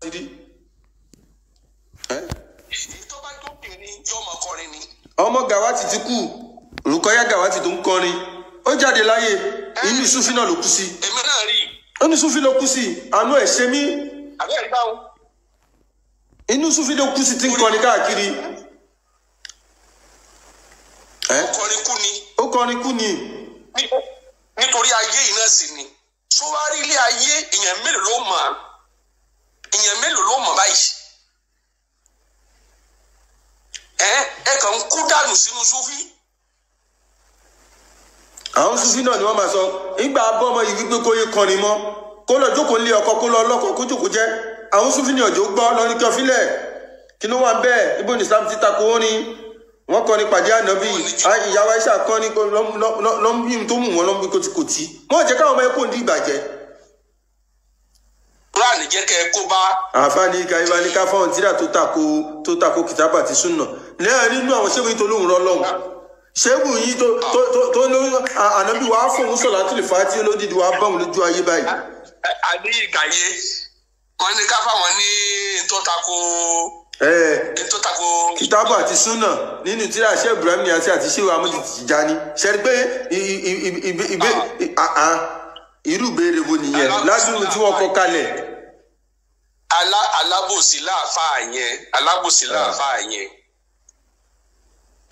ti rí. tó bá jókè ni yóò mọ kọrin ni. ọmọ Gawati ti kú Rukaya Gawati tó ń kọrin ó jáde láyé inú Sufi náà ló kú sí. èmi náà rí. ó ní Sufi ló kú sí àánú ẹ̀ ṣe mí. àbí ẹ̀rí báwo. inú Sufi ló kú sí ti ń kọrin káàkiri. ó kọrin kú ni. ó kọrin kú ni. nítorí ayé yìí náà sì ni sọ wá rí ilé ayé èèyàn mélòó ló mọ̀ á èèyàn mélòó ló mọ̀ báyìí ẹ ẹ kàn ń kú dànù sínú súfì. àwọn súfì náà ni wọ́n máa sọ ìgbà abọ́mọ yìí wípé kó yé kọrin mọ́ kó lọ jókòó lé ọkọ kó lọ lọ́kọ kó jókòó jẹ́ àwọn súfì ní ọjọ́ gbọ́ lọ́ní kí ọ fílẹ̀ kí ló wà bẹ́ẹ̀ ibo ní Islam ti takò ó ní wọ́n kọ́ ní pàdé ànábì ìyàwó Aisha kọ́ ní lọ́mú tó mú wọn lọ́mú kòtìkòtì wọ́n jẹ́ káwọn ọmọ ẹ̀kọ́ ní ìbàjẹ́ àdúrà ní jẹ́ kẹ́ ẹ kó bá. àfáàní gàìbá ní ká fáwọn tíra tó tako tó tako kìtàbà ti súnà lẹ́yìn nínú àwọn ṣẹ́gun tó lóun rọlọ́hùn ṣẹ́gun yìí tó tó ló ànábì wàá fòun sọ̀rọ̀ àtúlẹ̀ fàájì olódìdí wàá bá òun lójú ayé báyìí. àní ìkàyé wọn ní ká fáwọn ní tó tako. tó tako. kìtàbà ti súnà nínú tíra ṣẹ́ Ibrahim Niasse àti ṣé wàá mọ̀jì Tijani ṣẹ́ni pé ìbé irú ìbéèrè wo nìyẹn ládùúgbò tí wọ́n kọ kalẹ̀ alábòsí láàfáà yẹn alábòsí ah. láàfáà yẹn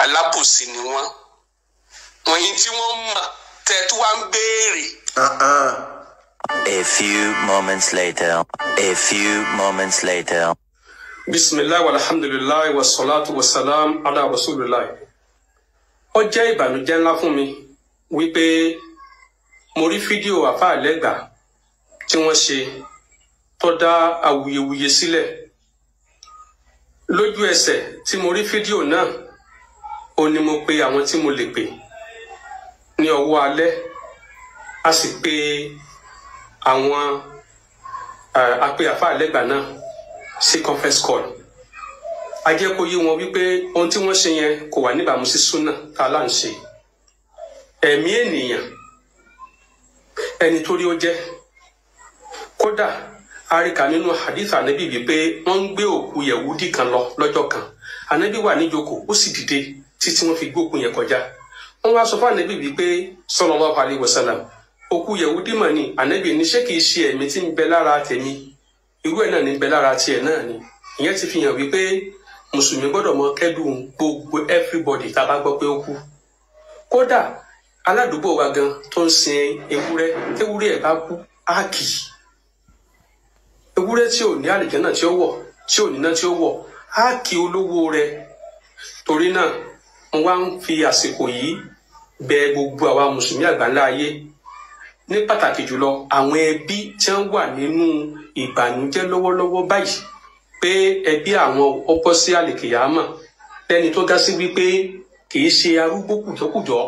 alábòsí ni wọ́n wọ̀nyí tí wọ́n mọ̀ tẹ́ tí ń béèrè. Uh-uh. A few moments later. A few moments later. Bismillah walhamdulillah wassalatu wassalam ala rasulillah. Ó jẹ́ ìbànújẹ́ ńlá fún mi wípé mo rí fídíò àfáà lẹ́gbàá tí wọ́n ṣe tó dá awuyewuye sílẹ̀ lójú ẹsẹ̀ tí mo rí fídíò náà ó ní mo pe àwọn tí mo lè pè ní ọwọ́ alẹ́ a sì pe àwọn apẹ àfàlẹ́gbà náà sí conference call a jẹ́ kó yé wọn wípé ohun tí wọ́n ṣe yẹn kò wà níbàámu sí súnà tá a là ń ṣe ẹ̀mí ènìyàn ẹni tó rí ó jẹ́ kódà àríkà nínú hadith anabi wípé wọ́n ń gbé òkú yẹ̀wúdí kan lọ lọ́jọ́ kan anabi wà níjoko ó sì dìde títí wọ́n fi gbé òkú yẹn kọjá wọ́n wá sọ fún anabi wípé sallallahu alaihi wasallam òkú yẹ̀wúdí mà ní anabi ní ṣé kìí ṣe ẹ̀mí tí ń bẹ lára tèmi irú ẹ̀ náà ní bẹ lára tiẹ̀ náà ni ìyẹn ti fi hàn wípé mùsùlùmí gbọ́dọ̀ mọ kẹ́dùn gbogbo everybody tá a bá gbọ́ pé ó kú kódà aládùúgbò wa gan tó ń sin ewúrẹ́ ewúrẹ́ bá kú á kì ewúrẹ́ tí ò ní àlìjẹ́ náà tí ó wọ̀ tí ò níná tí ó wọ̀ á kí olówó rẹ torí náà mo wá ń fi àsìkò yìí bẹ̀ gbogbo àwa mùsùlùmí àgbáńlá ayé ní pàtàkì jùlọ àwọn ẹbí tí wọ́n wà nínú ìbànújẹ́ lọ́wọ́lọ́wọ́ báyìí pé ẹbí àwọn ọkọ sí àlìkìyàmọ lẹni tó ga sí wípé kì ṣe arúgbó kùjọkùjọ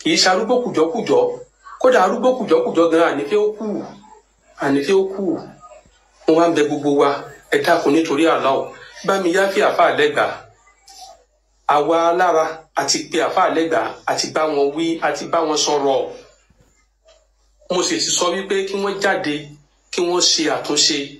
kì ṣe arúgbó kùjọkùjọ kódà arúgbó kùjọkùjọ gan àní pé ó kù àní pé ó kù mo wá ń bẹ gbogbo wa ẹ dákun nítorí àlá o bá mi yá fi àfa àlẹgbà àwa alára àti pé àfa àlẹgbà àti bá wọn wí àti bá wọn sọ̀rọ̀ mo sì sọ wípé kí wọ́n jáde kí wọ́n ṣe àtúnṣe